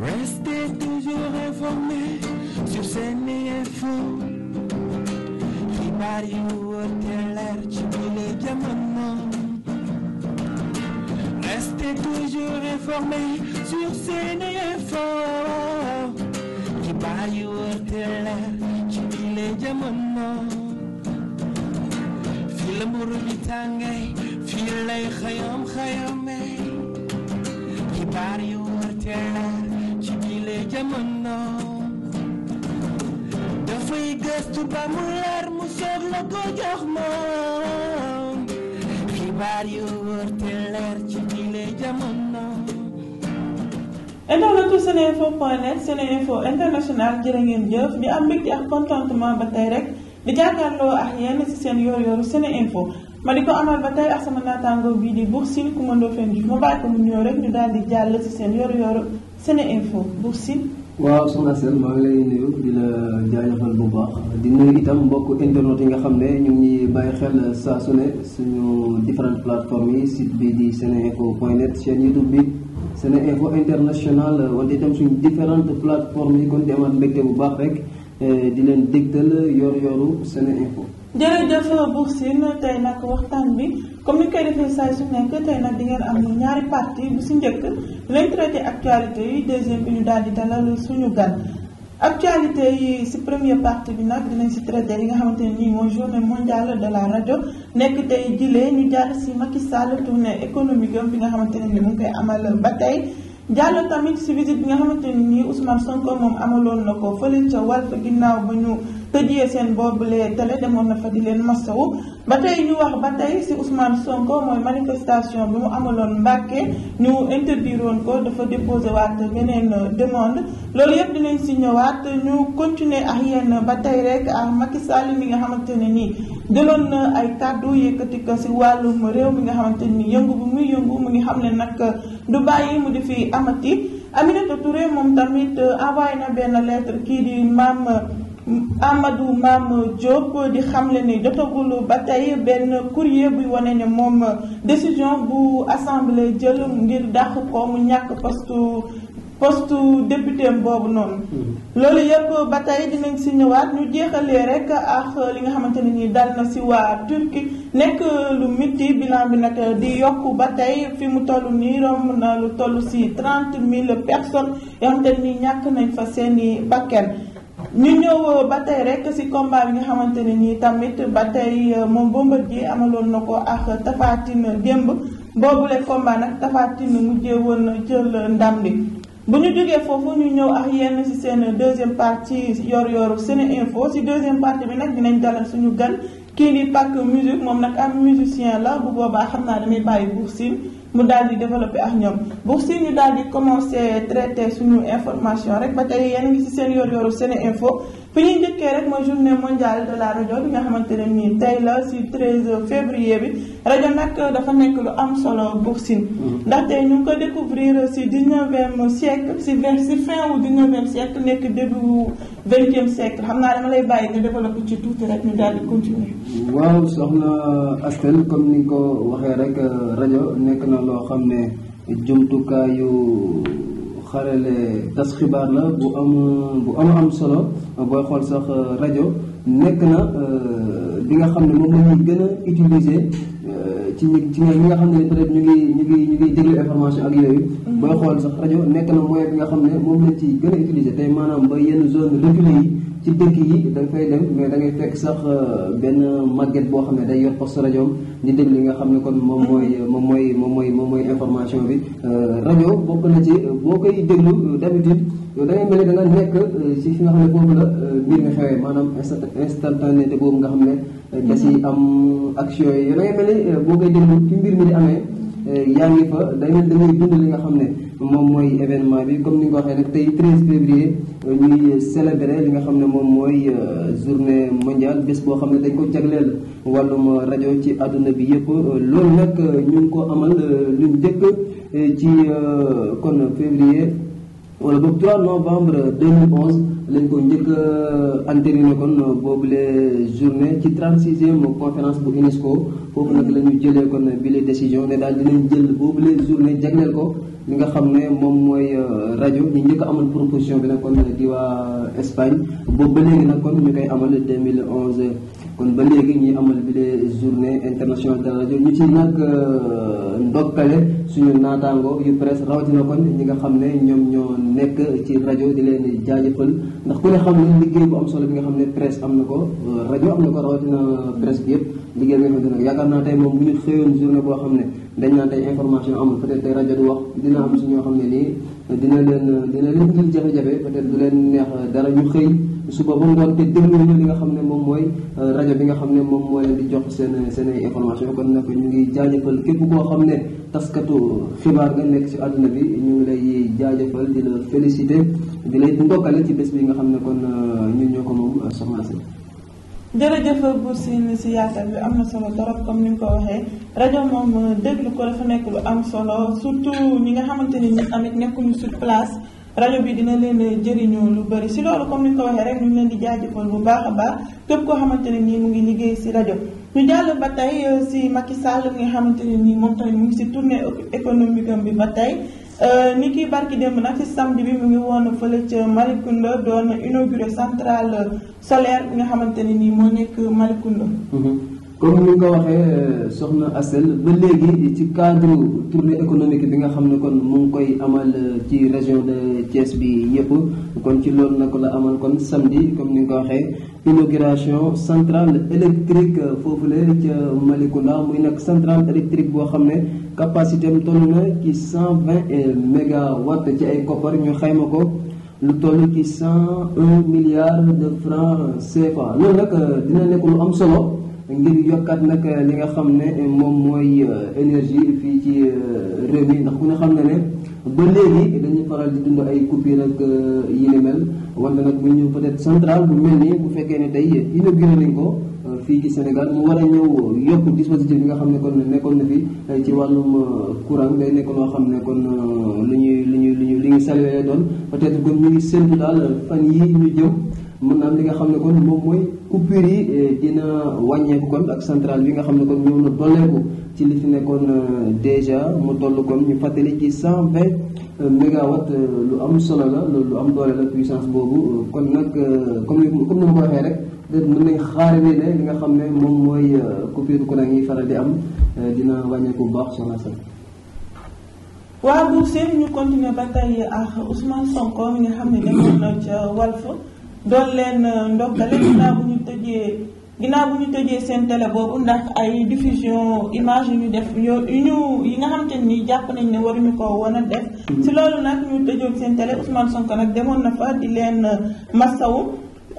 Restez toujours informés sur SeneInfo. xibaar yu wóote leer ci bile jamono. Restez toujours informés sur SeneInfo. xibaar yu wóote leer ci jamono dafay la ko jox moom xibaar yu wër te leer ngeen jëf ñu am mbégte ak contentement ba tey rek di jàkkaarloo ak yenn ci seen yoor yooru seneinfo ma di ko amal ba tey ak sama naataango bii di Bour Sine Coumba Ndoffène Diouf ma bàyyi ko mu ñëw rek ñu daal di jàll ci seen yoor yooru Sene Info Buur si waaw soxna Sène maa ngi lay nuyu di la bu baax di nuyu itam mbokk internet yi nga xam ne ñu ngi bàyyi xel saa su ne suñu différentes plateformes yi site bi di seneinfo point net chaîne YouTube bi Sene Info International wante itam suñu différentes plateformes yi kon di amaat bu baax rek di leen dégtal yor-yoru Sene Info. jërëjëf Bour Sine tey nag waxtaan bi comme ni koy defee saa su nekk tey nag di ngeen am ñaari parti bu si njëkk lañ traité actualité yi deuxième bi ñu daal di dalal suñu gan. actualité yi si première partie bi nag dinañ si traité yi nga xamante ne nii moo journée mondiale de la rajo nekk tey jilee ñu jaar si Macky Sall tournée économique bi nga xamante ne ni mu ngi koy amal ba tey. jàll tamit si visite bi nga xamante ni nii Ousmane Sonko moom amaloon na ko fële ca Walf ginnaaw bu ñu tëjee seen boobule télé demoon na fa di leen masawu ba tey ñu wax ba tey si Ousmane Sonko mooy manifestation bi mu amaloon Mbàkke ñu interdire woon ko dafa déposé waat beneen demande loolu yëpp dinañ si ñëwaat ñu continuer ak yéen ba tey rek ak Macky Sall mi nga xamante ne nii jëloon na ay kàddu yëkkati ko si wàllum réew mi nga xamante ni yëngu bu muy yëngu mu ngi xam ne nag du bàyyi mu di fi amati Aminata Touré moom tamit envoyé na benn lettre kii d maam. Amadou Mame Diop di xamle ni jotagul ba tey benn courrier buy wane ne moom décision bu assemblée jël ngir dàq ko mu ñàkk post poste député boobu noonu. Hmm. loolu yëpp ba tey dinañ si ñëwaat ñu jeexalee rek ak li nga xamante ne nii dal na si waa Turquie nekk lu miti bilan bi nag di yokk ba tey fi mu toll nii romb na lu toll si trente mille personnes yoo xamante ni ñàkk nañ fa seen i bakkan. ñu ñëw euh, ba tey rek si combat bi nga xamante ne nii tamit ba tey euh, moom Bombardier amaloon na ko ak Tapha Tine démb boobule combat nag Tapha Tine mujjee woon jël ndam li bu ñu jógee foofu ñu ñëw ak yenn si seen deuxième partie yor yoru Sene Info si deuxième partie bi nag dinañ dalal suñu gan kii di Pac Musique moom nag am musicien la bu boobaa xam naa damay bàyyi buur siin mu daal di développé ak ñoom bu si ñu daal di commencé traité suñu information rek ba tey yéen ngi ci seen yor-yoru Sene Info fi ñuy njëkkee rek mooy journée mondiale de rajo bi nga xamante ne nii tey la si 13 bi rajo nag dafa nekk lu am solo box Sine mm-hmm. ndaxte ñu ngi ko découvrir si 19e siècle si vingt si fin wu 19e siècle nekk début wu 20e siècle xam naa dama lay bàyyi nga développé ci tuuti rek ñu daal di continuer waaw soxna Astel comme ni nga ko waxee rek rajo nekk na loo xam ne jumtukaayu xarale tas xibaar la bu am bu am am solo booy xool sax euh, rajo nekk na bi euh, nga xam ne moom la ñuy gën a utiliser euh, ci ni ci ñi nga xam ne peut ñu ngi ñu ngi ñu ngi déglu information ak yooyu. Mm-hmm. booy xool sax rajo nekk na moyen bi nga xam ne moom la ci gën a utiliser tey maanaam ba yenn zone reculée yi. ci dëkk yi da dem mais da ngay fekk sax euh, benn magget boo xam ne day yor poste rajoom di déglu li nga xam ne kon moom mooy moom mooy moom mooy moom mooy information bi euh, rajo bokk na ci euh, boo koy déglu d'habitude da ngay mel ne da nga nekk ci fi nga xam ne boobu la mbir mi xewee maanaam instantanéité boobu nga xam ne da am action yi da ngay boo koy déglu ci mbir mi di amee Euh, yaa ngi fa da ngeen da dund li nga xam ne moom mooy événement bi comme ni nga ko waxee nag tey 13 février euh, ñuy célébrer li nga xam ne moom mooy euh, journée mondiale bés boo xam ne dañ ko jagleel wàllum rajo ci àdduna bi yëpp loolu nag ñu ngi ko amal luñ njëkk ci kon février wala boog 3 novembre 2011 lañ ko njëkk a entériné kon boobule journée ci 36e conférence bu UNESCO foofu nag la ñu jëlee kon bile décision ne daal dinañ jël boobule journée jagleel ko li nga xam ne moom mooy euh, rajo ñu njëkk amal proposition bi nag kon di waa Espagne boobu ba léegi nag kon ñu koy amal 2011. kon ba léegi ñuy amal bi de journée internationale de la rajo ñu ci nag euh, ndokkale suñu naataango yu presse rawatina ko ñi nga xam ne ñoom ñoo nekk ci rajo di leen jaajëfal ndax ku ne xam ne liggéey bu am solo bi nga xam ne presse am na ko euh, rajo am na ko rawatina presse bi yëpp liggéey bi nga xam ne yaakaar naa moom bu ñu boo xam ne dañ naan information amul peut-être rajo du wax dina am xam ne nii dina leen dina leen indil jafe-jafe peut-être du leen neex dara ñu xëy suba ba ngoon te déglu ñu li nga xam ne moom mooy euh, rajo bi nga xam ne moom moo leen di jox seen seen ay information kon nag ñu ngi jaajëfal képp koo xam ne taskatu xibaar nga nekk bi ñu ngi lay jaajëfal di la félicité di lay ndokkale ci bés bi nga xam ne kon euh, ñun ñoo ko moom euh, soxna si jërëjëf Buur Sine si yaatal bi am na solo torop comme ni nga ko waxee rajo moom déglu ko dafa nekk lu am solo surtout ñi nga xamante ni ñi tamit nekkuñu sur place rajo bi dina leen jëriñoo lu bëri si loolu comme ni ko waxee rek ñu leen di jaajëfal bu baax a baax képp koo xamante ne nii mu ngi liggéey si rajo. ñu jàll ba tey euh, si Macky Sall mi nga xamante ne nii moom tamit mu ngi si tournée économique am bi ba tey euh, ni kii barki démb nag si samedi bi mu ngi woon fële ca Malicounda doon inauguré centrale solaire bi nga xamante ne nii moo nekk Malicounda. Mm-hmm. comme ni nga ko waxee soxna Asel ba léegi ci cadre tournée économique bi nga xam ne kon mu ngi koy amal ci région de Thiès bi yëpp kon ci lool nag la amal kon samedi comme ni nga ko waxee inauguration centrale électrique foofule ca Malicounda muy nag centrale électrique boo xam ne capacité am toll na ci cent vingt mégawatt ci ay koppar ñu xayma ko. lu toll ci cent un milliard de francs CFA loolu nag dina nekk lu am solo. ngir yokkaat nag eh, li nga xam ne eh, moom mooy eh, énergie fii ci réew mi ndax ku ne xam ne ne ba léegi dañuy faral di dund ay coupure ak yi ni mel wante nag bu ñu peut-être central bu mel nii bu fekkee ne tey inauguré nañ ko fii ci Sénégal mu war a ñëw yokk dispositif bi nga xam ne kon nekkoon na fi ci wàllum courant day nekk loo xam ne kon lu ñuy lu ñuy lu ñuy li ñuy salué doon peut-être kon ñu ngi séntu daal fan yi ñu jëw mën naa am li nga xam ne kon moom mooy coupure yi eh, dina wàññeeku kon ak centrale bi nga xam ne kon ñëw na dolleeku ci li fi nekkoon eh, déjà mu toll kon ñu fàttali ci cent vingt eh, mégawatt lu am solo la lu am doole la puissance boobu kon nag comme ni comme ni ma ko waxee rek mën nañ xaare ni ne li nga ne moom mooy coupure courant yi faral di am dina wàññeeku bu baax soxna Sall waaw bu seeni ñu continuer ba tey ak Ousmane Sonko mi nga xam ne demoon na ca Walf doon leen euh, ndokkale ginnaaw bu ñu tëjee ginnaaw bu ñu tëjee seen télé boobu ndax ay diffusion image yu ñu def yoo yu ñu yi nga xamante ni jàpp nañ ne waruñu ko woon a def si loolu nag ñu tëjoon seen télé Ousmane Sonko nag demoon na fa di leen euh, massawu bu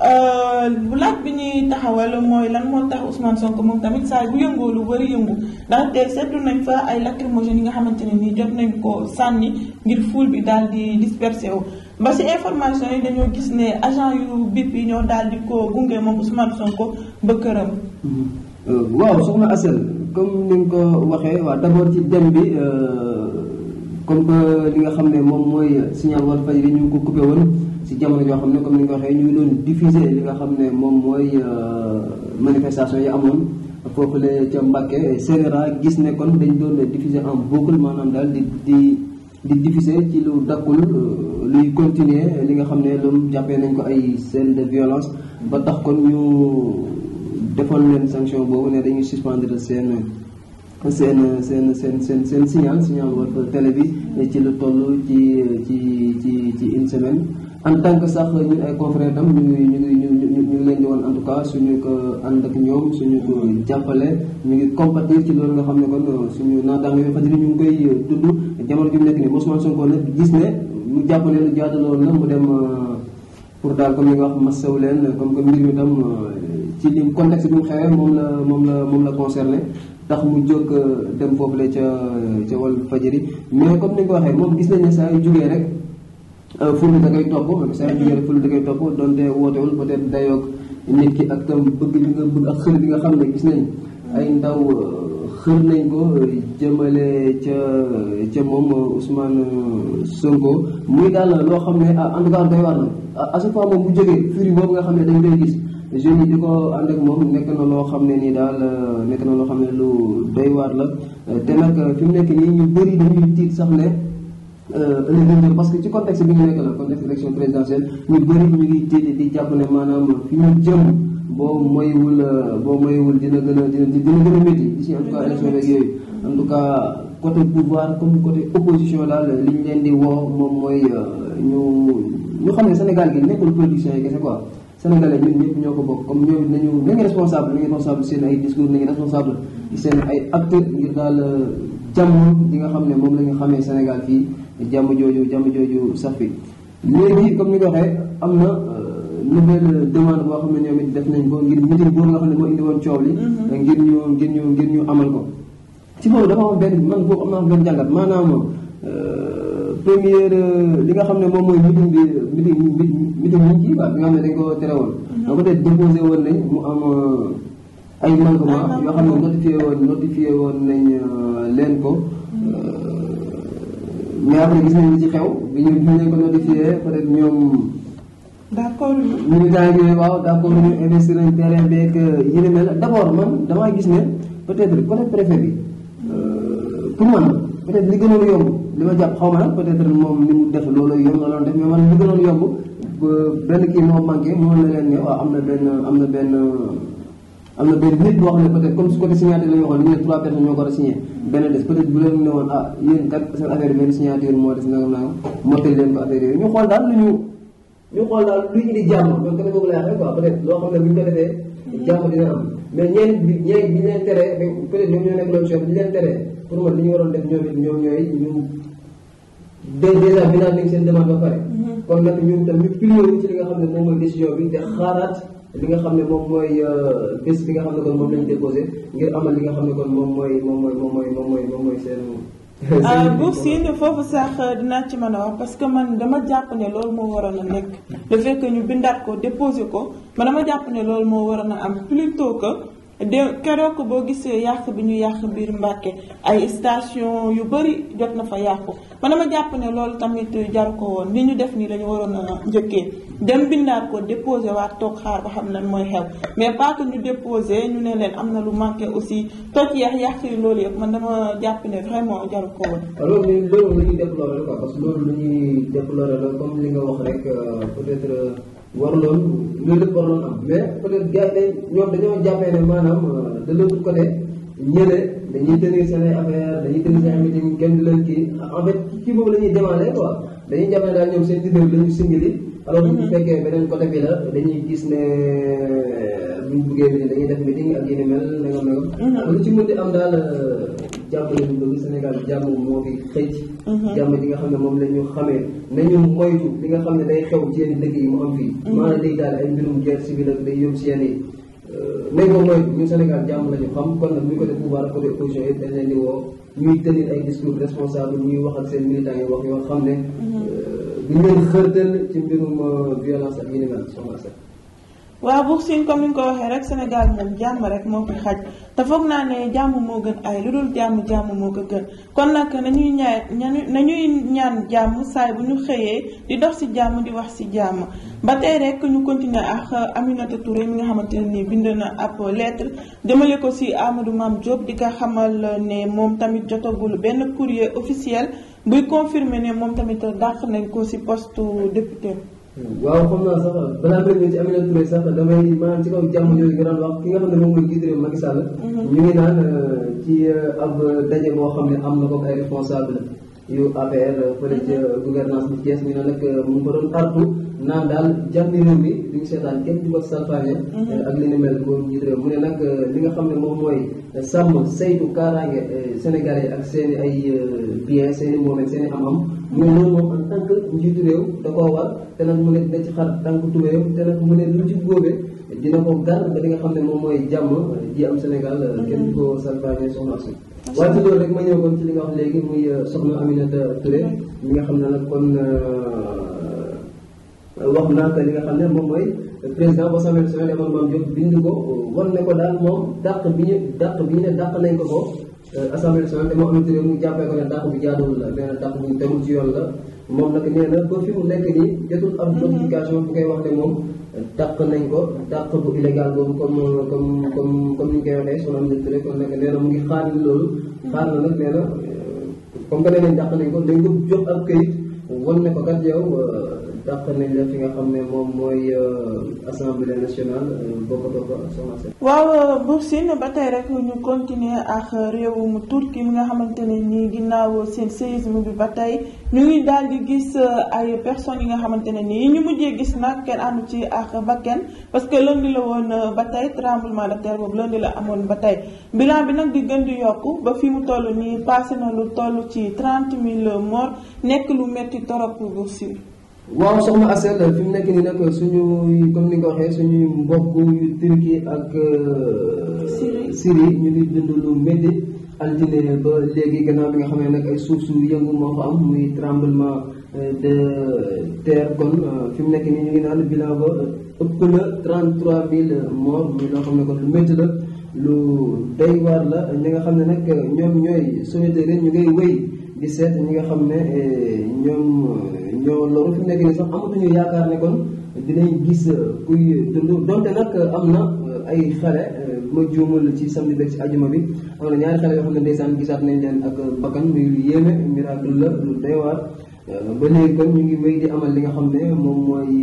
euh, laaj bi ñuy taxawal mooy lan moo tax Ousmane Sonko moom tamit saa bu yëngoo lu bari yëngu ndaxte seetlu nañ fa ay lacrymogènes yi nga xamante ne nii jot nañ ko sànni ngir foule bi daal di dispersé wu ba si information yi dañoo gis ne agent yu BIP yi ñoo daal di ko gunge moom Ousmane Sonko ba këram. Euh, waaw soxna Asel comme ni nga ko waxee waa d'abord ci dem bi euh, comme que li nga xam ne moom mooy signal Walfadjri ñu ngi ko coupé woon si jamono joo xam ne comme ni nga ko waxee ñu ngi doon diffuser li nga xam ne moom mooy euh, manifestation yi amoon. foofu la ca Mbàkke Sénéra gis ne kon dañ doon diffuser en boucle maanaam daal di di di ci lu dakkul. luy continuer li nga xam ne loolu jàppee nañ ko ay scène de violence ba tax kon ñu defoon leen sanction boobu ne dañuy suspendre seen seen seen seen seen seen signal signal Walf télé bi ci lu toll ci ci ci ci une semaine en tant que sax ñun ay confrères tam ñu ngi ñu ngi ñu ñu ngi leen di woon tout cas suñu ko ànd suñu ko jàppale ñu ngi compatir ci loolu nga xam ne kon suñu naataango yi fajri ñu ngi koy tudd jamono ju nekk nii Ousmane Sonko nag gis ne mu jàpp ne lu jaadu loolu la mu dem euh, pour daal comme li nga wax masawu leen comme que mbir mi tam euh, ci li contexte bi mu xewee moom la moom la moom la concerné tax mu jóg euh, dem foofu la ca ca wàllu fajari mais comme ni nga waxee moom gis nañ ne saa yu jugee rek ful da koy topp saa yu jugee rek ful da koy topp donte wootewul peut-être dayoog nit ki ak tam bëgg li nga bëgg ak xër bi nga xam ne gis nañ ay ndaw. xër nañ ko jëmale ca ca moom Ousmane Sonko muy daal loo xam ne ah, en tout cas doy waar la ah, à moom bu jógee firi boobu nga xam ne dañ koy gis jeunes yi di ko ànd ak moom nekk na loo xam ne nii daal nekk na loo xam ne lu doy waar la te nag fi mu nekk nii ñu bëri dañuy tiit sax ne euh, parce que ci contexte bi ñu nekk la contexte élection présidentielle ñu bëri ñu ngi tiit di jàpp ne maanaam fi ñu jëm boo moywul boo moywul dina gën a dina dina gën a métti d'ici en pouvoir comme côté opposition daal li ñu leen di woo moom mooy euh, ñu ñu xam ne Sénégal gi nekkul production yi kese quoi Sénégalais ñun ñëpp ñoo ko bokk comme ñoom nañu na ngi responsable na ngi responsable seen ay discours na ngi responsable seen ay acte ngir daal euh, jàmm di nga xam ne moom la ñu xamee Sénégal fii jàmm jooju jàmm jooju sax fi léegi comme ni ko waxee am na euh, na benn demande boo xam ne ñoom it def nañ ko ngir meeting boobu nga xam ne moo indi woon coow li mhm. ngir ñu ngir ñu ngir ñu amal ko ci boobu dafa am benn man boobu am naa benn jàngat maanaam euh, première euh, li nga xam ne moom mooy meeting bi meeting meeting ñu ci waaw bi nga xam ne dañ ko tere woon mhm. donc peut woon nañ mu am euh, ay manquement yoo xam ne notifié woon notifié woon nañ leen ko mhm. mais après gis nañ li ci xew bi ñu bi ñu ko notifié d'accord ñu ne waaw d'accord ñu investir nañ terrain beeg euh, yi man damaa gis ne peut-être côté préfet bi euh, pour man peut-être li gënoon yomb li ma jàpp xaw ma nag peut-être moom li mu def loolu yomb la doon def mais man li gënoon yomb ne waaw am na benn am na benn am na benn nit boo xam ne peut-être comme su côté signature la ñu waxoon ñu ne trois personnes benn des peut-être bu leen ne woon ah yéen kat seen affaire benn signature moo des nangam nangam mottali leen ko ñu xool daal luy indi jàmm donc keneen boobu lay waxee quoi peut être loo xam ne bu ñu ko defee jàmm dina am mais ñeen bi ñeen bi ñu leen tere peut être ñoom ñoo nekk loolu chef ñu leen tere pour man li ñu waroon def ñoom it ñoom ñooy ñu déjà finalisé seen demande ba pare mhm. kon nag ñun tam ñu plié ci li nga xam ne moom mooy décision bi nga xam ne moom mooy euh, bés bi nga xam ne kon moom lañu déposé ngir amal li nga xam ne kon moom mooy moom mooy moom mooy Bour Sine foofu sax euh, dinaa ci man a wax parce que man dama jàpp ne loolu moo waroon a nekk le fait que ñu bindaat ko déposé ko man dama jàpp ne loolu moo waroon a am plutôt que de keroog boo gisee yàq bi ñu yàq biir Mbàkke ay station yu bëri jot na fa yàqu man dama jàpp ne loolu tamit jaru ko woon ni ñu def nii lañu waroon a njëkkee dem bindaat ko déposé waat toog xaar ba xam lan mooy xew mais pas que ñu déposé ñu ne leen am na lu manqué aussi toj yeex yàq yi loolu yëpp man dama jàpp ne vraiment jaru ko woon. loolu loolu la ñuy déploré la quoi parce que loolu la ñuy déploré la comme li nga wax rek euh, peut-être euh, war loolu loolu lépp war loolu am mais euh, de l'autre dañuy tenir seen ay dañuy tenir seen ay meeting kenn du leen la ñuy demandé quoi dañuy jàppee daal ñoom seen idée singili alors bu fekkee beneen côté bi la dañuy gis ne euh, buñ buggee nii dañuy def meeting ak yeneen mel nangam nangam. lu mhm. ci mën euh, Sénégal jàmm moo fi xëcc. Mhm. jàmm ji nga xam ne moom la ñu xamee nañu moytu li nga xam ne day xew ci yenn dëkk yi mu am fii. Mhm. maanaam léegi daal ay mbirum guerre civile ak day yóbbu si yenn euh, yi. nañ ko mooy ñun Sénégal jàmm lañu xam kon nag bu ñu ko def pouvoir côté opposition yi dañ leen ñuy tenir ay discours responsable ñuy wax ak seen militants yi wax yoo xam ne. di ngeen xërtal ci mbirum euh, violence minimale soxna Seck. waaw bu siin comme ni nga ko waxee rek senegal moom jàmm rek moo fi xaj te foog naa ne jàmm moo gën ay lu dul jàmm jàmm moo ko gën kon nag nañuy ñaan nañuy ñaan jàmm saay bu ñu xëyee di dox ci jàmm di wax ci jàmm. ba tey rek ñu continuer ak euh, Aminata Touré mi nga xamante ne nii bind na ab lettre jëmale ko ci Amadou Mame Diop di ko xamal euh, ne moom tamit jotagul benn courrier officiel. buy confirmé ne moom tamit dàq nañ ko si poste député waaw xam naa sax balaa nga ñëw ci Aminata Touré sax damay maanaam ci kaw jàmm yooyu nga daan wax ki nga xam ne moom mooy jiite Macky Sall mhm. ñu ngi naan euh, ci euh, ab daje boo xam ne am na ko ay responsable yu APR fële ca gouvernance bu Thiès ñu ne nag euh, mu ngi ko doon artu naan daal jàmmi réew mi duñu seetaan kenn di ko salfaane mhm. ak li ni mel moom njiit réew mu ne nag euh, li nga xam ne moom mooy euh, sàmm saytu kaaraange sénégalais ak seen i ay biens seen i moomeel am-am mhm. mu ne loolu moom en tant que réew da koo war te nag mu ne da xar tànk tubéyam te nag mu ne lu ci góobee dina ko daal ba li nga xam ne moom mooy jàmm ji am Sénégal euh, kenn du ko salvaane soxna si waaye ci loolu rek ma ñëw kon ci li nga wax léegi muy euh, soxna Aminata Touré nga xam ne nag kon euh, wax naa ko li nga xam ne moom mooy président boo samee semaine Eman Mame Diop bind ko war ne ko daal moom dàq bi ñu dàq bi ñu ne dàq nañ ko ko assemblée nationale dama am Touré mu jàppee ko ne dàq bi jaaduwul la nee na dàq ci yoon la moom nag nee na ba fi mu nekk nii jotul am notification bu koy wax ne moom dàq nañ ko dàq bu illégal boobu comme comme comme comme ni ñu koy waxee sonal nit rek kon nag nee na mu ngi xaar loolu xaar na nag nee na euh, comme que nee nañ dàq nañ ko dañ ko jox ab këyit wan ne ko kat yow euh, dàq nañ la fi nga xam ne moom mooy euh, assemblée nationale euh, bokkatoo ko soxna si. waaw euh, Bour Sine ba ñu continuer ak réewum Turquie mi nga xamante ne nii ginnaaw seen séisme bi ba tey ñu ngi daal di gis ay personnes yi nga xamante ne nii ñu mujjee gis nag kenn àndu ci ak bakken parce que lundi la woon ba tey tremblement de terre boobu lundi la amoon ba tey bilan bi nag di gën di yokk ba fi mu toll nii passé na lu toll ci trente mille morts nekk lu metti torop Bour waaw soxna Asel fi mu nekk nii nag suñu comme ni nga ko waxee suñuy mbokk yu Turquie ak. Euh, Syrie Syrie ñu ngi dund lu métti. altine ba léegi gannaaw bi nga xam ne nag ay suuf su yëngu moo fa am muy tremblement euh, de terre kon euh, fi mu nekk nii ñu ngi naan bilan ba ëpp na 33 mille morts muy loo xam ne ko lu métti la lu doy waar la ñi nga xam ne nag ñoom ñooy solidarité ñu ngay wéy di seet ñi nga xam ne ñoom. ñoo loolu fi mu nekk nii sax amatuñu yaakaar ne kon dinañ gis euh, kuy dund donte nag euh, am na euh, ay xale ma juumul ci samedi beeg ci ajuma bi am na ñaari xale yoo xam ne ndeysaan gisaat nañ leen ak bakkan muy yéeme miracle la lu doy waar ba léegi kon ñu ngi wéy di amal li nga xam ne moom mooy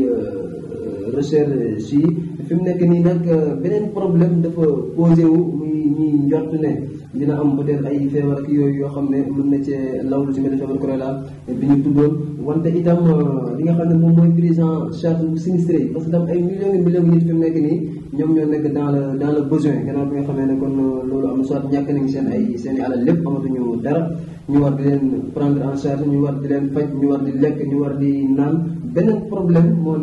recherche yi fi mu nekk nii nag beneen problème dafa posé wu ñuy njort ne dina am peut-être ay feebar ak yooyu yoo xam ne mën na cee law lu ci mel ne feebar corona bi ñu tuddoon wante itam euh, li nga xam ne moom mooy prise en bu sinistré yi parce que tam ay millions et millions nit fi mu nekk nii ñoom ñoo nekk dans le dans le bi nga xamee ne kon euh, loolu am soit ñàkk nañu seen ay seen i alal lépp amatuñu dara ñu war di leen prendre en charge ñu war di leen faj ñu war di lekk ñu war di naan beneen problème moo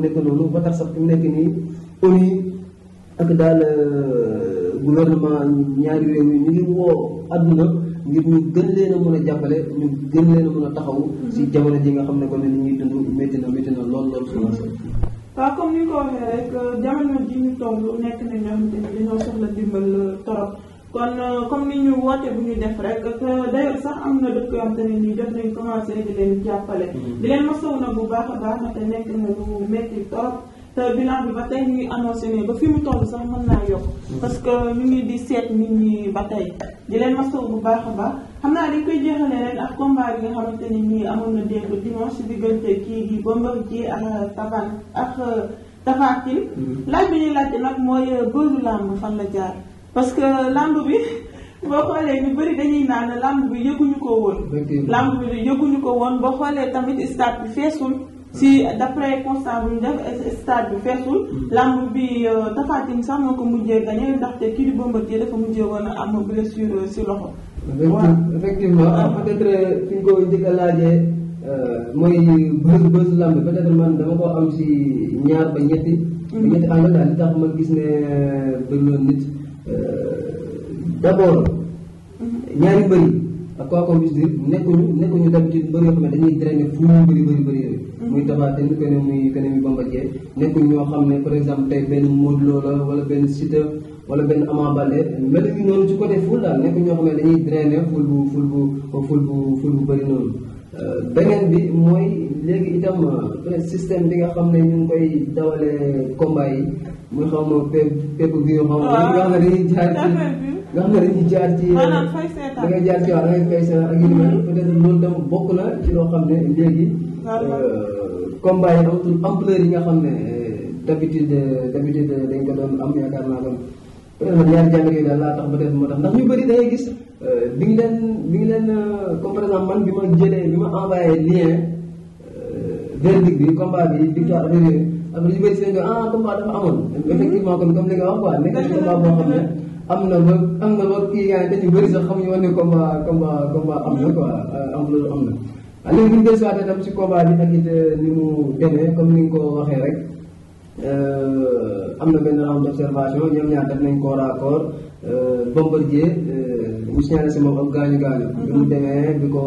gouvernement ñaari réew yi ñu ngi woo adduna ngir ñu gën leen a a jàppale ñu gën leen a a taxaw si mm-hmm. jamono ji nga xam ne ko ne ni ñuy dund métti na métti ni ñu ko waxee rek jamono ji ñu toll nekk na ñoo xamante ni soxla dimbal torop kon comme ni ñu woote bu ñu def rek d'ailleurs sax am na dëkk yoo xamante ne nii def nañ commencé di leen jàppale mm-hmm. di leen masaw na bu baax a baax te nekk na lu métti torop te bilan bi ba tey ñu ngi ne ba fi mu toll sax mën naa yokk parce que ñu ngi di seet nit nii ba tey di leen masaw bu baax a baax xam naa dañ koy jeexalee rek ak combat yi nga xamante ni nii amoon na démb dimanche diggante kii gi Bombardier ak Tavan ak euh, Tapha Tine mm-hmm. bi ñuy laajte nag mooy euh, bëru làmb fan la jaar parce que làmb bi boo xoolee ñu bëri dañuy naan làmb bi yëguñu ko woon làmb bi yëguñu ko woon boo xoolee tamit stade bi feesul si d'après constat bu ñu def stade bi feesul. lamb bi euh, tafatin sax moo ko mujjee gagné ndaxte kii di Bombardier dafa mujjee woon a am blessure euh, si loxo. waaw effectivement ah, peut-être euh, fi ñu ko njëkk a mooy bës bës lamb peut man dama ko am si ñaar ba ñetti. Mm-hmm. ñetti ànd daal tax ma gis ne bëri na nit d'abord mm-hmm. ñaari mbëri. ak waa comme je dis nekkuñu nekkuñu dem ci mbër yoo xam ne dañuy drainer fu mu bëri bëri bëri yooyu. muy tabaatee keneen muy keneen muy Bamba Dieng nekkuñ ñoo xam ne par exemple tey benn Modou Lo la wala benn Siteu wala benn Ama Baldé mel ni noonu ko côté ful daal nekkuñ ñoo xam ne dañuy drainer ful bu ful bu ful bu ful bu bëri noonu. beneen bi mooy léegi itam système bi nga xam ne ñu ngi koy dawale combat yi muy xaw ma pep pep bi xam ne dañuy jaar ci. nga xam ne dañuy jaar ci. maanaam da ngay jaar ci waaw da ngay fay seetaan ak yu mel mm-hmm. peut être loolu tam bokk na ci loo xam ne léegi. Euh, combat yi amatul ampleur yi nga xam ne euh, d'habitude euh, d'habitude dañ ko doon am yaakaar naa kon. peut-être ñaari jàng yooyu daal laa tax peut moo tax ndax ñu bëri dangay gis bi ngi leen bi ngi leen comme par exemple man bi ma jëlee bi ma envoyé lien verdict bi combat bi victoire ak yooyu après ko ah combat dafa amoon. Mm-hmm. effectivement kon comme li nga ne. am na ba am na ba kii yaa ngi dañu bëri sax xamuñu woon ne combat combat combat am na quoi euh, am na am na. Ah, léegi bu ñu desuwaatee tam si combat bi ak it euh, ni mu demee comme ni nga ko waxee rek euh, am na benn round d'observation ñoom ñaar def nañ corps à corps Bombardier mu signalé si moom am gaañu gaañu. Mm-hmm. bi mu demee bi ko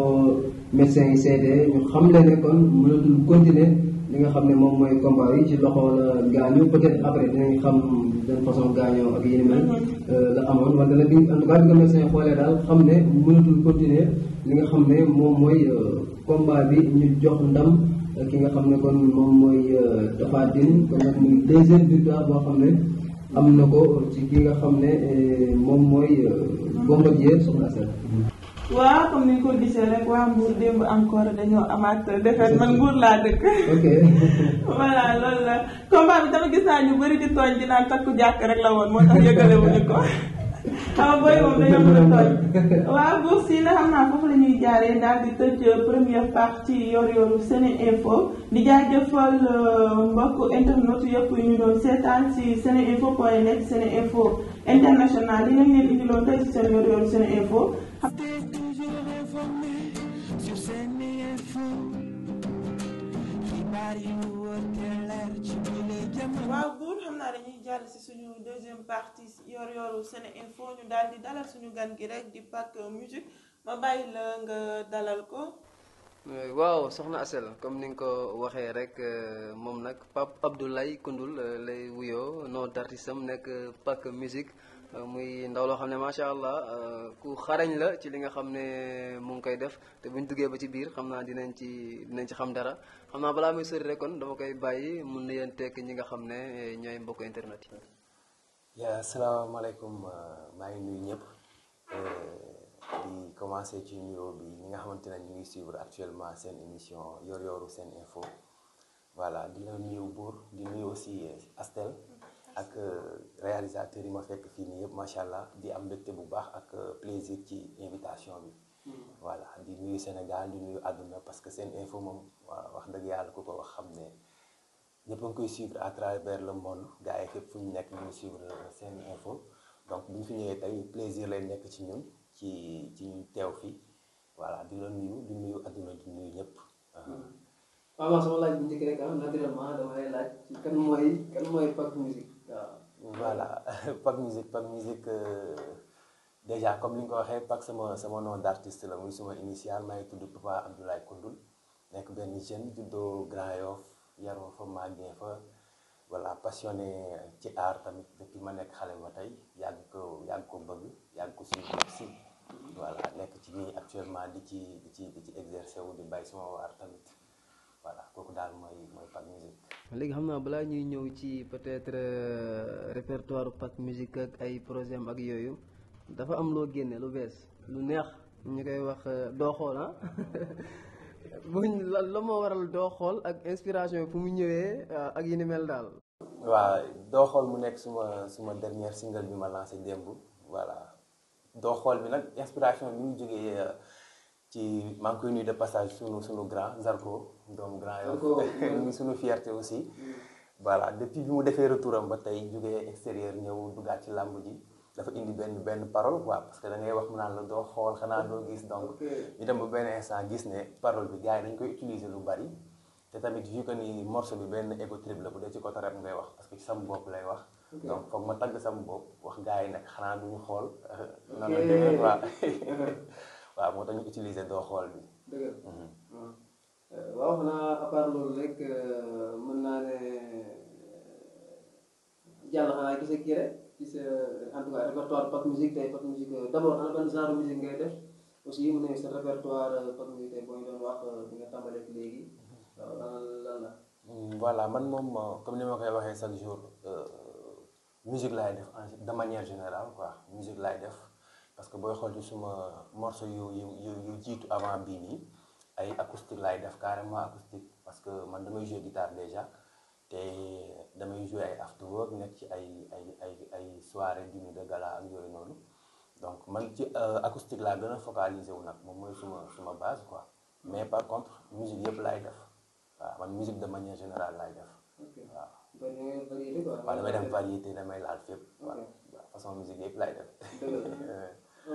médecin yi seetee ñu xam leen ne kon mënatul continuer. li nga xam ne moom mooy combat yi ci loxo la euh, gaañu peut-être après dinañ xam benn façon gaañoo ak yéen mel euh, la amoon wante nag bi en tout cas bi nga médecin xoolee daal xam ne mënatul continuer li nga xam ne moom mooy euh, combat bi ñu jox ndam ki nga xam ne kon moom mooy Tapha Tine kon nag muy deuxième victoire boo xam ne am na ko ci ki nga xam ne moom mooy Bombardier soxna Seck waa comme ni ko gisee rek waa Mbour démb encore dañoo amaat defet man Mbour laa dëkk. ok voilà loolu la combat bi dama gis ñu bëri di tooñ di naan takku jàkk rek la woon moo tax yëgale wuñu ko. xaw booy moom dañoo mën a tooñ waaw bourse yi la xam naa foofu la ñuy jaaree daal di tëj euh, première partie yor yoru Sene Info di jaajëfal euh, mbokk internet yëpp ñu doon seetaan si Sene Info point net Sene Info international yi lañ leen indiloon tey si seen yor yoru Sene Info informé sur seen i waaw buur xam naa dañuy jàll si suñu deuxième partie yor yoru seen info ñu daal dalal suñu gan gi rek di pàkk musique ma bàyyi la nga dalal ko. Euh, waaw soxna Asel comme ni nga ko waxee rek euh, moom nag Pape Abdoulaye Koundoul euh, lay wuyoo nom d'artiste am nekk pàkk musique. Euh, muy ndaw loo xam ne macha allah euh, ku xarañ la ci li nga xam ne mu ngi koy def te buñ duggee ba ci biir xam naa dinañ ci dinañ ci xam dara xam naa balaa muy sori rek kon dama koy bàyyi mun na yéen tekk ñi nga xam ne eh, ñooy mbokk internet yi. yaa asalaamaaleykum euh, maa ngi nuyu ñëpp di commencé ci nuyoo bi ñi nga xamante ne ñu ngi suivre actuellement seen émission yor-yoru seen info voilà di nuyu buur di nuyu aussi Astel. ak euh, réalisateur yi ma fekk fii nii yëpp macha allah di am mbégte bu baax ak euh, plaisir ci invitation bi. Hmm. voilà di nuyu Sénégal di nuyu àdduna parce que seen info moom wax dëgg yàlla ku ko wax xam ne ñëpp a ngi koy suivre à travers le monde gars yi fépp fu ñu nekk ñu ngi euh, seen info donc bu ñu fi ñëwee tey plaisir lay nekk ci ñun ci ci ñu teew fii voilà di la nuyu di nuyu àdduna di nuyu ñëpp. waaw ah. hmm. sama laaj bu njëkk rek ah naturellement dama lay laaj kan mooy kan mooy Pape Musique. voilà Pape Musique Pape Musique euh, déjà comme li nga ko waxee Pape sama sama nom d'artiste la muy suma initial maa ngi tudd Papa Abdoulaye Koundoul nekk benn jeune juddoo Grand Yoff yaroo fa màggee fa voilà passionné ci art tamit depuis ma nekk xale ba tey yàgg ko yàgg ko bëgg yàgg ko suñu si voilà nekk ci nii actuellement di ci di ci di ci exercer wu di bàyyi sama waar tamit voilà kooku daal mooy mooy Pape Musique léegi xam naa balaa ñuy ñëw ci peut-être euh, répertoire pack musique ak ay projet am ak yooyu dafa am loo génne lu bees lu neex ñu koy wax euh, doo xool ah buñ lan la moo waral doo xool ak inspiration yi fu mu ñëwee euh, ak yi mel daal. doo xool mu nekk suma suma dernière single bi ma lancé démb voilà doo xool bi nag inspiration bi mu jógee ci maa ngi koy nuyu de passage sunu sunu grand Zarko. doomu Grand Yoff mu ngi suñu fierté aussi voilà depuis bi mu defee retour am ba tey jógee extérieur ñëw duggaat ci làmb ji dafa indi benn benn parole quoi parce que da ngay wax mu naan la doo xool xanaa doo gis donc ñu dem bu benn instant gis ne parole bi gaay dañ koy utiliser lu bari te tamit vu que ni morceau bi benn égo trip la bu dee ci côté rap ngay wax parce que ci sam bopp lay wax donc foog ma tagg sam bopp wax gars yi nag xanaa duñu xool noonu la demee moo tax utiliser doo xool waaw xanaa à part loolu rek euh, mën naa ne euh, jàll xanaa gis ak kii rek euh, sa répertoire nga tàmbaleeg léegi mm, man moom comme ni ma koy waxee chaque jour musique laay def en de manière générale laay def parce que booy xool ci suma morceau yu yu yu jiitu avant bii nii. ay acoustique laay def carrément acoustique parce que man damay jouer guitare déjà te damay jouer ay after work nekk ci ay ay ay ay soirée dîner de gala ak yooyu noonu donc man ci euh, acoustique laa gën a focaliser wu nag moom mooy suma suma base quoi mais par contre musique yëpp laay def waa man musique de manière générale laay def waaw. waaw damay dem variété façon musique yëpp laay def.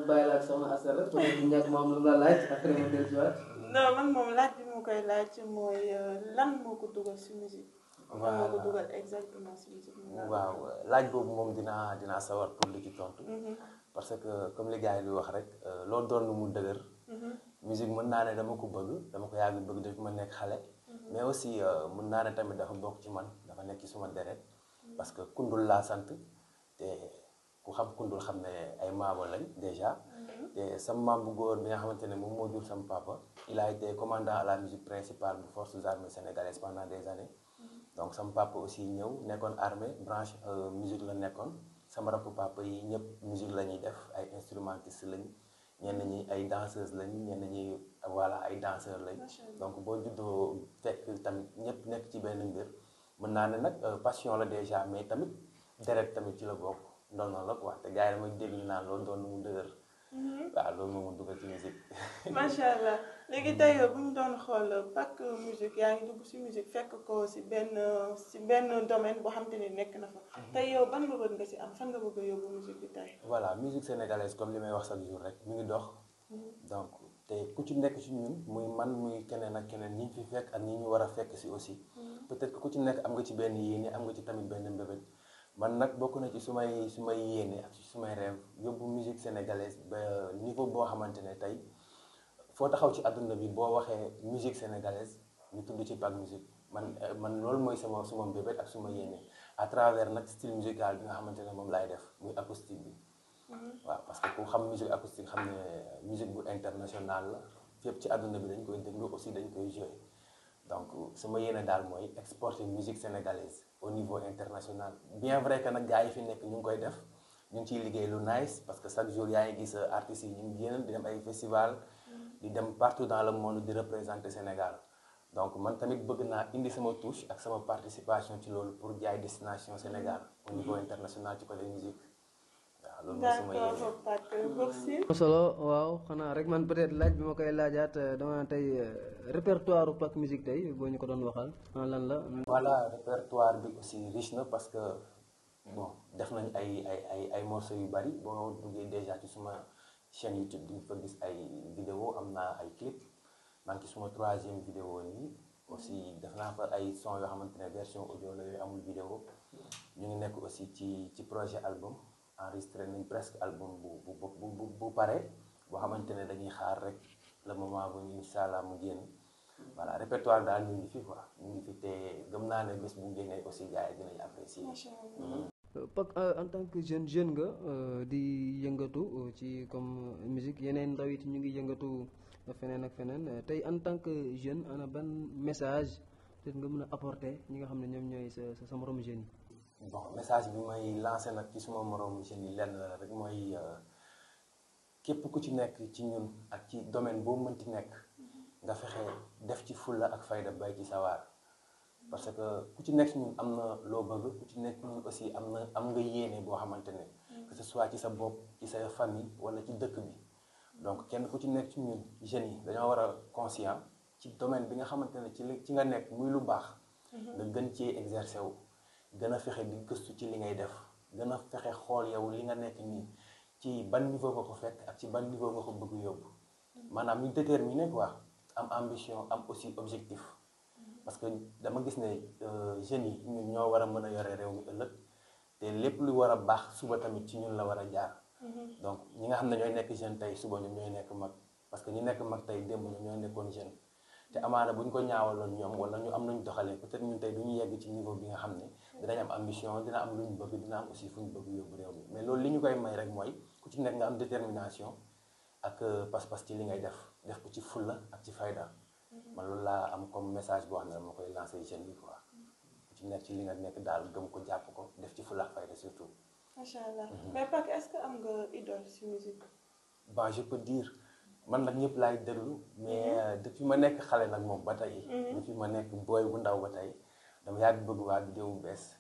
non man moom laaj bi mu koy laaj mooy euh, lan moo ko dugal si musique. lan moo ko dugal exactement si musique. waaw laaj boobu moom dinaa dinaa sawar pour li ci tontu. Mm-hmm. parce que comme li gars wax rek euh, loo doon nu mu dëgër. Mm-hmm. musique mën naa ne dama ko bëgg dama ko yàgg bëgg dafa ma nekk xale. Mm-hmm. mais aussi euh, mën naa ne tamit dafa bokk ci man dafa nekk ci suma deret. parce que kundul laa sant te ku xam kundul xam ne ay maama lañ déjà. Mhm. te sama maam bu góor bi nga xamante ne moom moo jur sama papa. il a été commandant à la musique principale bu forces armées sénégalaises pendant des années. Mhm. donc sama papa aussi ñëw nekkoon armée branche euh, musique la nekkoon sama rakku papa yi ñëpp musique la ñuy def ay instrumentiste lañ ñenn ñi ay danseuse lañ ñenn ñi voilà ay danseur lañ. donc boo juddoo fekk tamit ñëpp nekk ci benn mbir mën naa ne nag euh, passion la déjà mais tamit deret tamit ci la bokk. ndono la wax te gaa yi dama déglu naan loolu doon na mu dëgër. Mhm. waaw loolu moom mu dugal ci musique. macha allah léegi tey bu ñu doon xool pak musique yaa ngi dugg si musique fekk ko si benn si benn domaine boo xam te ne nekk na fa. Mhm. tey yow ban bëggoon nga si am fan nga bëgg a yóbbu musique bi tey. voilà musique sénégalaise comme li may wax chaque jour rek mi ngi dox. Mhm. donc te ku ci nekk si ñun muy man muy keneen ak keneen ñi ñu fi fekk ak nii ñu war a fekk si aussi. peut-être ku ci nekk am nga ci benn yéene am ci tamit benn mbébét. man nag bokk na ci su may su may yéene ak su may rêve yóbbu musique sénégalaise ba niveau boo xamante ne tey foo taxaw ci àdduna bi boo waxee musique sénégalaise ñu tudd ci Pac Musique man man loolu mooy sama suma mbébét ak suma yéene à travers nag style musical bi nga xamante ne moom laay def muy acoustique bi mhm. waaw parce que ku xam musique acoustique xam ne musique bu la fépp ci àdduna bi dañ koy déglu aussi dañ koy jouer donc suma yéene daal mooy exporter musique sénégalaise au niveau international bien vrai que nag gars yi fi nekk ñu ngi koy def ñu ngi liggéey lu nice parce que chaque jour yaa ngi gis euh, artistes yi ñu ngi di dem ay festival di dem partout dans le monde di représenter Sénégal donc man tamit bëgg naa indi sama touche ak sama participation ci loolu pour jaay destination Sénégal au niveau international ci côté musique solo waaw xanaa rek man peut-être laaj bi ma koy laajaat euh, dama tey euh, répertoire Pac Musique tey boo ñu ko doon waxal lan la. voilà répertoire bi aussi riche na parce que bon def nañ ay ay ay ay morceaux yu bari boo duggee déjà ci suma chaîne YouTube di fa gis ay vidéo am naa ay clip maa ngi ci suma troisième vidéo nii aussi def naa fa ay son yoo xamante ne version audio la yooyu amul vidéo ñu ngi nekk aussi ci ci projet album. enregistré nañ presque album bu bu pare boo xamante ne dañuy xaar rek moment bu ñu incha daal ñu ngi naa ne bés aussi gars mm-hmm. euh, en tant que jeune jeune nga euh, di yëngatu euh, ci comme musique yeneen ndaw ñu ngi yëngatu feneen ak feneen tey en tant que jeune ana ban message peut nga mën a apporter ñi nga xam ne ñoom ñooy sa sa moromu jeunes yi. bon message bi may lancé nag ci suma moroom jeunes yi lenn la rek mooy euh, képp ku ci nekk ci ñun ak ci domaine boo mënti nekk mhm. nga fexe def ci fulla ak fayda bay ci sawaar parce que ku ci nekk ñun am na loo bëgg ku ci nekk aussi am na am nga yéene boo xamante ne mhm. soit ci sa bopp ci sa famille wala ci dëkk bi donc kenn ku ci nekk ci ñun jeunes yi dañoo war a conscient ci domaine bi nga xamante ne ci ci nga nekk muy lu baax mhm. nga gën ci exercer wu gën a fexe di gëstu ci li ngay def gën a fexe xool yow li nga nekk nii ci ban niveau nga ko fekk ak ci ban niveau nga ko bëgg yóbbu mm-hmm. maanaam ñu déterminé quoi am ambition am aussi objectif mm-hmm. parce que dama gis ne euh, jeunes yi ñun ñoo war a mën a yore réew mi ëllëg te lépp lu war a baax suba tamit ci ñun la war a jaar mm-hmm. donc ñi nga xam ne ñooy nekk jeune tey suba ñoom ñooy nekk mag parce que ñi nekk mag tey démb ñoom ñooy nekkoon jeune te amaana bu ñu ko ñaawaloon ñoom wala ñu am nañu doxalee peut-être ñun tey du ñu yegg ci niveau bi nga xam ne dinañ am ambition dina am lu ñu bëgg dina am aussi fu ñu bëgg yóbbu réew mi mais loolu li ñu koy may rek mooy ku ci nekk nga am détermination ak euh, pas-pas ci li ngay def def ko ci fulla ak ci fayda man loolu laa am comme message boo xam ne dama koy lancer jeunes yi quoi ku ci nekk ci li nga nekk daal gëm ko jàpp ko def ci fulla ak fayda surtout. macha allah mhm. mais Pac est man nag ñëpp laay déglu mais mhm. euh, depuis ma nekk xale nag moom ba tey. Mhm. depuis ma nekk booy bu ndaw ba tey dama yàgg bëgg waa vidéo bu bees.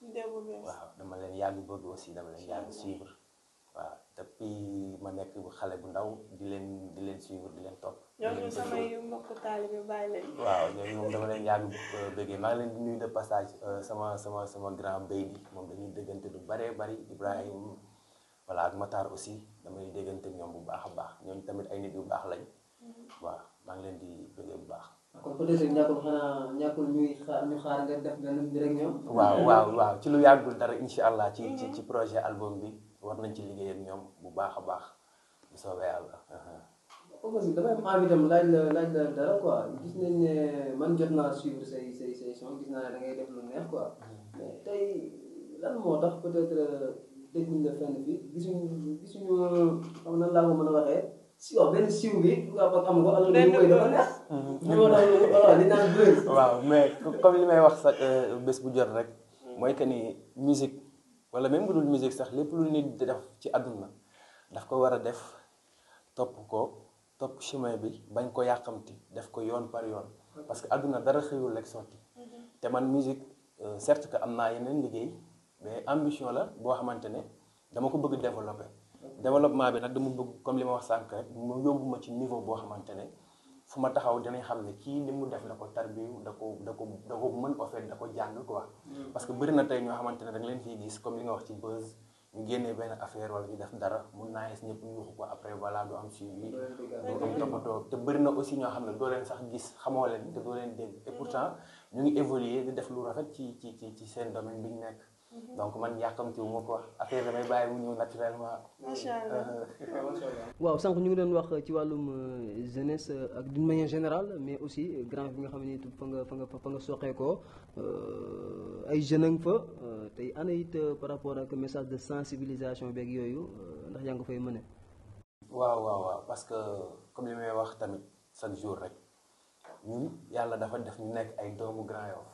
vidéo bees waaw dama leen yàgg bëgg aussi dama leen yàgg suivre. waaw depuis ma nekk xale bu ndaw di leen di leen suivre di leen topp. di leen dama leen yàgg euh, bëggee maa leen di nuyu de passage euh, sama sama sama grand béy moom dañuy dëggante du bëree bari Ibrahima voilà ak mataar aussi. damay déggante ñoom bu baax a baax ñoom tamit ay nit yu baax lañ mm-hmm. waaw maa ngi leen di bëggee bu baax. kon peut-être ñàkkul xanaa ñàkkul ñuy xaar ñu xaar nga def benn bi rek ñoom. waaw ci lu yàggul dara incha allah ci ci ci projet album bi war nañ ci liggéey ak ñoom bu baax a baax bu soobee yàlla. aussi dafay am envie tam laaj la laaj la dara quoi gis nañ ne man jot naa suivre say say say son gis naa ne def lu neex quoi mm-hmm. mais tey lan moo tax peut euh, dégguñ la mën a waxee si waaw bi nga xam ko alal ah. mais comme li may wax sa euh, bés bu jot rek. mooy que nii musique wala même bu dul musique sax lépp lu nit di def ci àdduna daf ko war a def topp ko topp chemin bi bañ ko yàqamti def ko yoon par yoon parce que àdduna dara xëyul rek sotti mhm. te man musique euh, certes que am naa yeneen liggéey. mais ambition la boo xamante ne dama ko bëgg développé. développement bi nag dama bëgg comme li ma wax sànq rek mu yóbbu ma ci niveau boo xamante ne fu ma taxaw dinañ xam ne kii li mu def la ko tarbiyu da ko da ko da ko mën au fait da ko jàng quoi. Mm. parce que bëri na tey ñoo xamante ne da leen fiy gis comme li nga wax ci buzz. ñu génnee benn affaire wala ñu def dara mun naa yees ñëpp ñu wax ko après voilà du am suivi du am toppatoo te bëri na aussi ñoo xam ne doo sax gis xamoo leen te doo leen dégg et pourtant mm-hmm. ñu ngi évoluer di def lu rafet ci ci ci ci seen domaine bi ñu nekk. donc man yàkkamtiwu ma quoi affaire damay bàyyi mu ñëw naturellement. macha euh, waaw sànq ñu ngi doon wax ci wàllum euh, jeunesse euh, ak d'une manière générale mais aussi grand bi nga xam ne nii fa nga fa nga fa nga soqeekoo ay jeunes nga fa tey ana it par rapport ak message de sensibilisation beeg yooyu ndax yaa ngi fay mën a. waaw waaw waaw parce que comme li may wax tamit chaque jour rek yàlla dafa def nekk ay doomu Grand Yoff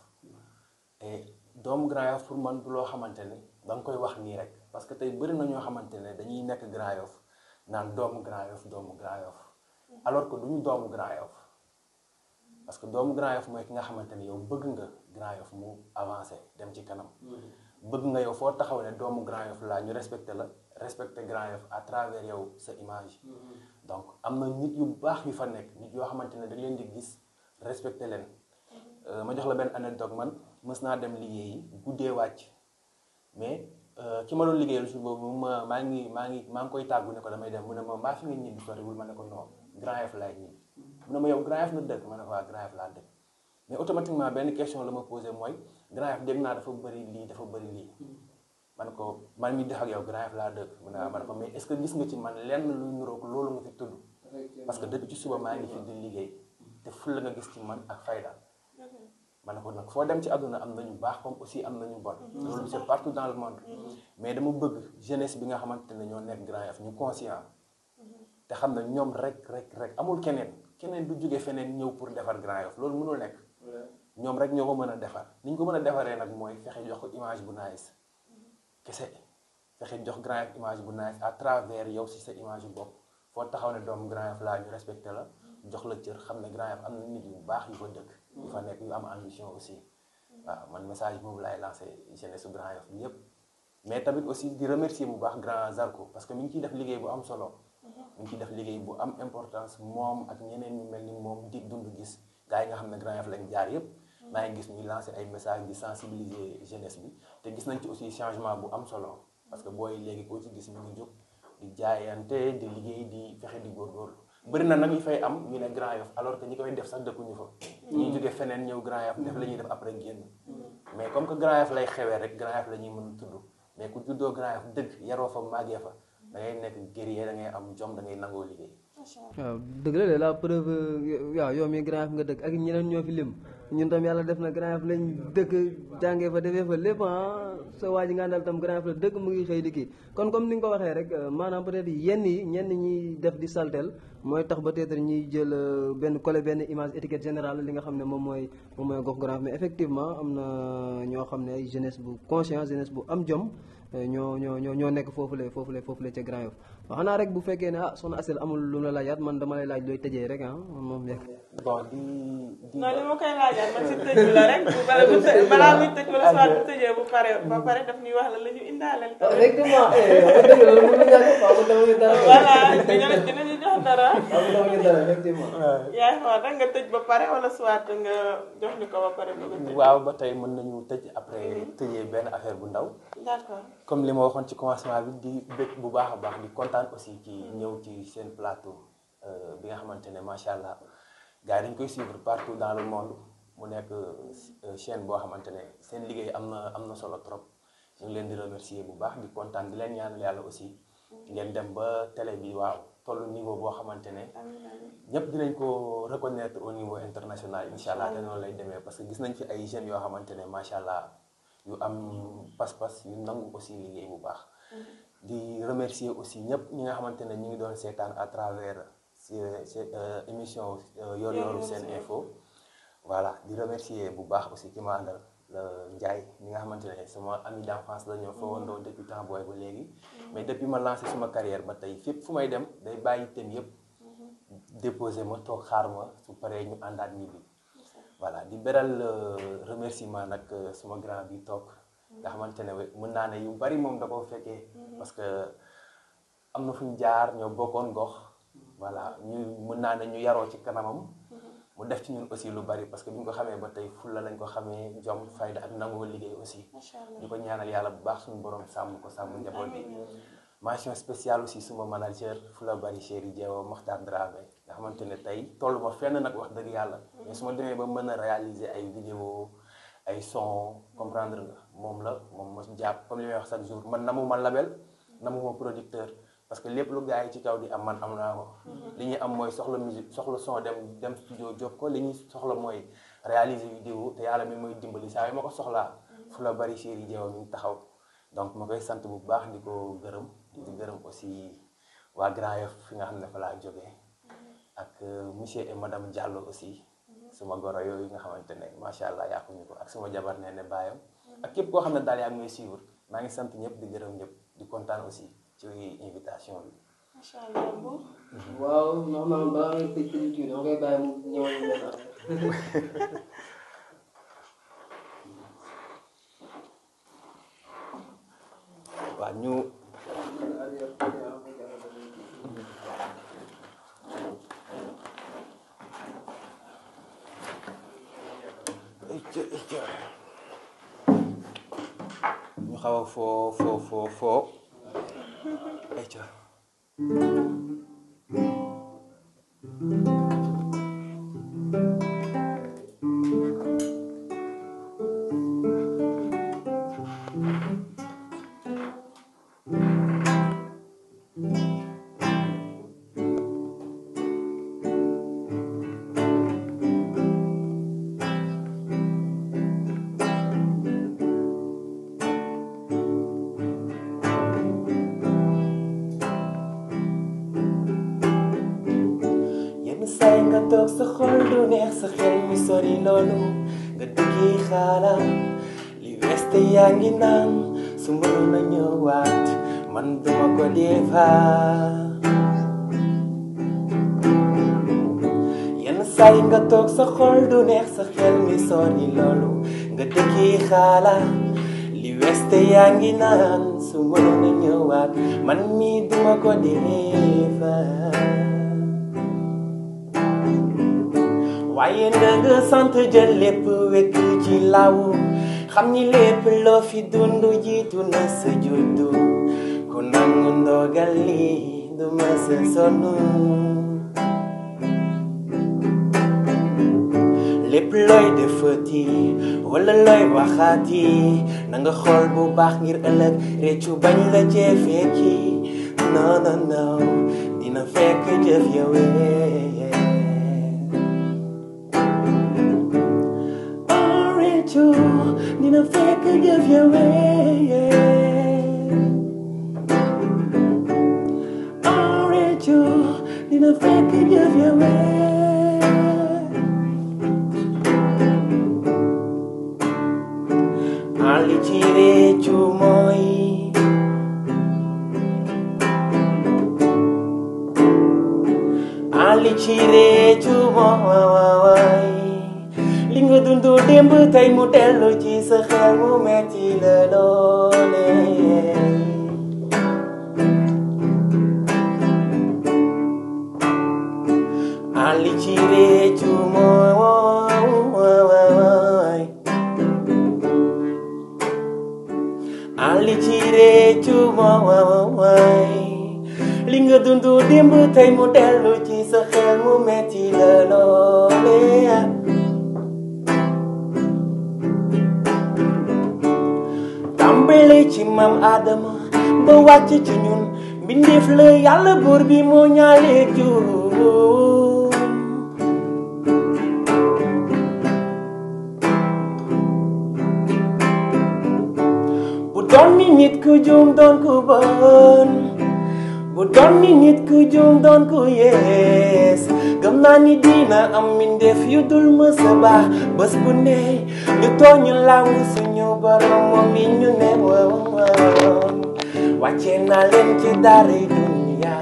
doomu Grand Yoff pour man du loo xamante ne da nga koy wax nii rek parce que tey bëri na ñoo xamante ne dañuy nekk Grand Yoff naan doomu Grand Yoff doomu Grand Yoff alors que du ñu doomu Grand Yoff parce que doomu Grand Yoff mooy ki nga xamante ne yow bëgg nga Grand Yoff mu avancé dem ci kanam. Mm-hmm. bëgg nga yow foo taxaw ne doomu Grand Yoff laa ñu respecté la respecté Grand Yoff à travers yow sa image. Mm-hmm. donc am na nit yu baax yu fa nekk nit yoo xamante ne dañ leen di gis respecté leen. Mm-hmm. Euh, ma jox la benn anecdote man. mës naa dem liggéeyi guddee wàcc mais euh, ki ma doon liggéeyal jour boobu maa ngi maa ngi maa ngi koy tàggu ne ko damay dem mu ne ma maa fi nga ñibbi soriwul ne ko non Grand Yoff laay ñibbi mu ne ma yow Grand Yoff nga dëkk ma ne benn question la ma posé mooy Grand Yoff dégg dafa bëri lii dafa bëri lii man ko man mi def ak yow Grand laa dëkk mu ne ma ne ko mais ci man lenn lu niroog loolu nga fi que depuis ci suba maa ngi fi di liggéey te ful la nga gis ci man ak fayda ma ne ko nag foo dem ci àdduna am nañu baax comme aussi am nañu bon mm-hmm. loolu c'est partout dans le monde mm-hmm. mais dama bëgg jeunesse bi nga xamante ne ñoo nekk Grand Yoff ñu conscient mm-hmm. te xam ne ñoom rek rek rek amul keneen keneen du jóge feneen ñëw pour defar Grand Yoff loolu mënul nekk ñoom rek ñoo ko mën a defar ni ñu ko mën a defaree nag mooy fexe jox ko image bu nice kese fexe jox Grand Yoff image bu nice à travers yow si sa image bopp foo taxaw ne doomu Grand Yoff laa respecté la jox la cër xam ne Grand am na nit yu baax yu ko dëkk yu fa nekk yu am ambition aussi waaw man message boobu laay lancé jeunesse Grand Yoff bi yëpp mais tamit aussi di remercier bu baax grand Zarko parce que mi ngi ciy def liggéey bu am solo mi ngi ciy def liggéey bu am importance moom ak ñeneen ñu mel ni moom dig dund gis gars yi nga xam ne Grand Yoff lañ jaar yëpp maa ngi gis ñuy lancé ay message di sensibiliser jeunesse bi te gis nañ ci aussi changement bu am solo parce que booy léegi koo ci gis mi ngi jóg di jaayante di liggéey di fexe di góorgóorlu bëri na nag ñu fay am ñu ne Grand Yoff alors que ñi koy def sax dëkkuñu fa. ñuy jóge feneen ñëw Grand Yoff def la def après génn. mais comme que Grand Yoff lay xewee rek Grand Yoff la ñuy mën a tudd mais ku juddoo Grand Yoff dëgg yaroo ngay am jom da ngay nangoo dëgg la de la yow mii Grand nga dëkk ak ñeneen ñoo fi lim ñun tam yàlla def na Grand lañ dëkk jàngee fa defee fa lépp ah sa waa ji nga àndal tam Grand Yoff la dëkk mu ngi xëy di kon comme ni nga ko waxee rek maanaam peut-être yenn yi ñenn ñi def di saltel mooy tax ba peut-être ñuy jël euh, benn collé benn image étiquette générale li nga xam ne moom mooy moom mooy Gox Grand mais effectivement am na ñoo xam ne ay jeunesse bu conscience jeunesse bu am jom euh, ñoo ñoo ñoo ñoo nekk foofule foofule foofule ca Grand Yoff waaw xanaa rek bu fekkee ne ah soxna Asel amul lu la laajaat man dama lay laaj looy tëjee rek ah moom nekk. bon di di. non li ma koy laajaat man si tëj la rek. balaa muy tëj balaa muy tëj wala soit bu tëjee bu pare ba pare daf ñuy wax la la ñu indaaleel. exactement eh, dëgg la loolu mënul ñàkk waaw man dama lay dara. voilà dinañu yaay xool rek nga tëj ba pare wala soit nga jox ni ko ba pare. waaw ba tey mën nañu tëj après mm-hmm. tëjee benn affaire bu ndaw. d'accord comme li ma waxoon ci commencement bi di bëgg bu baax a baax di kontaan aussi ci ñëw ci seen plateau euh, bi nga xamante ne macha allah gars dañ koy suivre partout dans le monde mu nekk euh, chaîne boo xamante ne seen liggéey am na am na solo trop ñu ngi leen di remercier bu baax di kontaan di leen ñaanal yàlla aussi. Mm-hmm. ngeen dem ba télé bi waaw tollu niveau boo xamante ne ñëpp dinañ ko reconnaître au niveau international incha allah te noonu lay demee parce que gis nañ fi ay jeunes yoo xamante ne macha allah yu am pas-pas yu nangu aussi liggéey bu baax di remercier aussi ñëpp ñi nga xamante ne ñu ngi doon seetaan à travers euh, émission euh, Yoor Yooru Sene Info voilà di remercier bu baax aussi ki ma àndal Ndiaye mi nga xamante ne sama ami d'enfance la ñoo fa wandoo depuis temps ba léegi mais depuis ma lancé suma carrière ba tey fépp fu may dem day bàyyi itam yëpp déposé ma toog xaar ma su paree ñu àndaat ñibbi voilà di beral euh, remerciement nag euh, suma grand bi toog nga xamante ne mën naa ne yu bari moom da ko fekkee parce que am na fu ñu jaar ñoo bokkoon gox voilà ñu mën naa ne ñu yaroo ci kanamam mu def ci ñun aussi lu bari parce que bi ñu ko xamee ba tey fulla lañ ko xamee jom fayda ak nangoo liggéey aussi di ko ñaanal yàlla bu baax suñu borom sàmm ko sàmm njaboot bi mention spéciale aussi suma manager la Bari Chéri Jeewo Maxtaar Dramé nga xamante ne tey tollu ma fenn nag wax dëgg yàlla mais su ma demee ba mën a réaliser ay vidéo ay son comprendre nga moom la moom ma jàpp comme li may wax chaque jour man namuma label namuma producteur parce que lépp lu gars yi ci kaw di am man am naa ko mhm. li ñuy am mooy soxla musique soxla soo dem dem studio jot ko li ñuy soxla mooy réaliser vidéo te yàlla mi mooy dimbali saa yu ma ko soxlaa mhm. fu la bari Cherie Diaw mi taxaw donc ma koy sant bu baax di ko gërëm gërëm aussi waa Grand Yoff fi nga xam ne fa laa jógee mhm. ak euh, monsieur et madame Diallo aussi suma goro yooyu nga xamante ne macha allah yàquñu ko ak suma jabar nee ne baayam ak képp koo xam ne daal yaa ngi may suivre maa ngi sant ñëpp di gërëm ñëpp di kontaan aussi ci invitation waaw maman balaa ngay tëj culture da ngay bàyyi mu ñëwal ñu naan. waaw ñu. ñu życia. sa xol du neex sa xel mi sori loolu nga duggi xaaral li reste yaa ngi naan su mënoon a ñëwaat man duma ko defaat yenn saa yi nga toog sa xol du neex sa xel mi sori loolu nga duggi xaaral li reste yaa ngi naan su mënoon a ñëwaat man mii duma ko defaat waaye na sant jël lépp wekk ci lawu xam ni lépp loo fi dund jiitu na sa juddu ku nangu ndogal li du ma sa sonn looy defati wala looy waxaati na xool bu baax ngir ëllëg réccu bañ la cee fekki non non non dina fekk jëf yowee ju dina fekk jëf ya weyee ore ju dina fekk jëf ya weyee ali ci réccu mooy ali ci réccu mooy dundu démb tey mu dellu ci sa xel mu metti la loole àlli ci réccu mooy àlli ci réccu mooy li nga dundu démb tey mu dellu ci sa xel mu metti la loole tàmbalee ci maam Adama ba wàcc ci ñun mbindeef la yàlla buur bi moo ñaalee juróom bu doon nit ku juum doon ku bon bu doon nit ku juum doon ku yees gëm naa ni dina am mbindeef yu dul mësa baax bés bu ne ñu tooñ laawu suñ borom moom yi leen ci daara dunya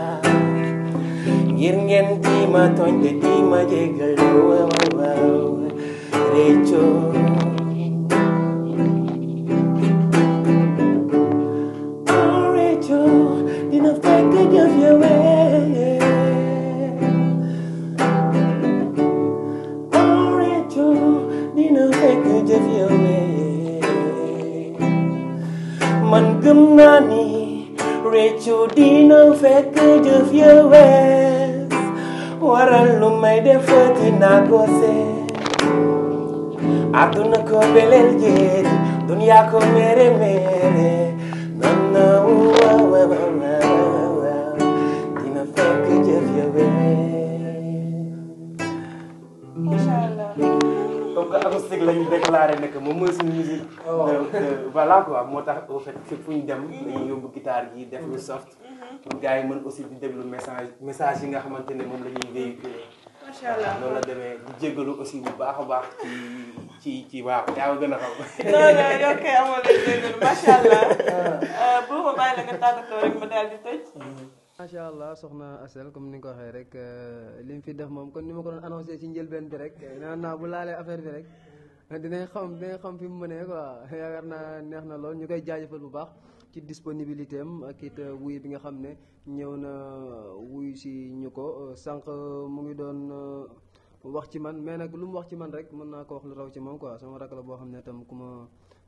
ngir ngeen di ma tooñ te di ma jégal man gëm naa ni réccu dina fekk jëf ya wees waral lu may defati naa ko seet ko beleel jeeri dunya ko mere mere non non dina fekk jëf ya musique lañu déclaré ne moom mooy suñu oh. moo tax au fait fépp fu ñu dem dañuy yóbbu mm-hmm. aussi di message message yi nga xamante ne moom la ñuy véhiculer. macha allah loolu aussi bu baax a baax ci. ci ci waaw yaa gën euh, soxna Asel comme ni nga ko waxee rek euh, li mu fi def moom kon ni ma ko doon annoncé ci njëlbeen bi rek naan naa bu laalee affaire bi rek. dinañ xam dinañ xam fi mu mënee quoi yaakaar naa neex na lool ñu koy jaajëfal bu baax ci disponibilité am ak it euh, wuy bi nga xam ne ñëw na euh, wuy si ñu ko euh, sanq mu ngi doon wax ci man mais nag lu mu wax ci man rek mën naa ko wax lu raw ci moom quoi sama rakk la boo xam ne tam ku ma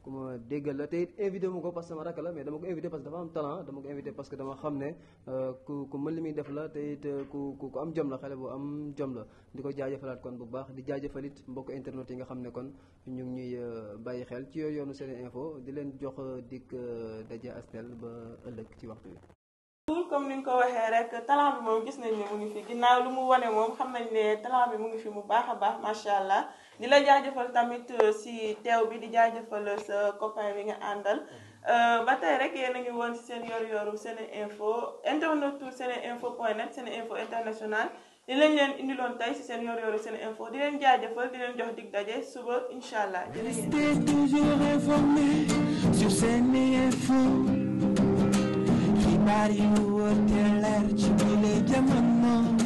ku ma déggal la te invité mu ko parce que rakk la mais dama ko invité parce dafa am talent dama ko invité parce dama xam ne euh, ku ku mën li def la te euh, ku ku am jom la xale bu am jom la di ko jaajëfalaat kon bu baax di jaajëfalit mbokk internet yi nga xam ne kon ñu ñuy euh, bàyyi xel ci yoonu seen info di leen jox dikk daje astel ba ëllëg ci waxtu bi comme ni nga ko waxee rek talent bi moom gis nañ ne mu ngi fi ginnaaw lu mu wane moom xam nañ a baax di la jaajëfal tamit euh, si teew bi di jaajëfal euh, sa copain bi nga àndal euh, ba tey rek yéen a ngi woon seen yor-yoru seen Info internet tour Sene Info point net Sene Info international li lañ leen indiloon tey si seen yor-yoru seen Info di leen jëfal di leen jox dig daje suba incha allah restez toujours informé sur Sene Info ci bile jamono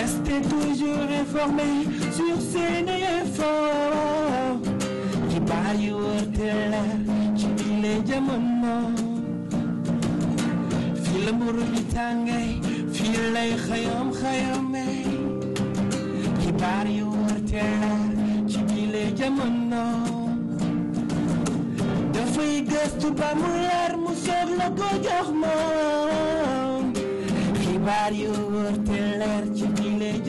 Restez toujours informés sur Seneinfo ki bàyyi woote la ci bile jamono fii la mburu bi tàngee fii lay xayam xayame ki bàyyi woote la ci bile jamono dafay gëstu ba mu leer mu soog la ko jox moom xibaar yu wër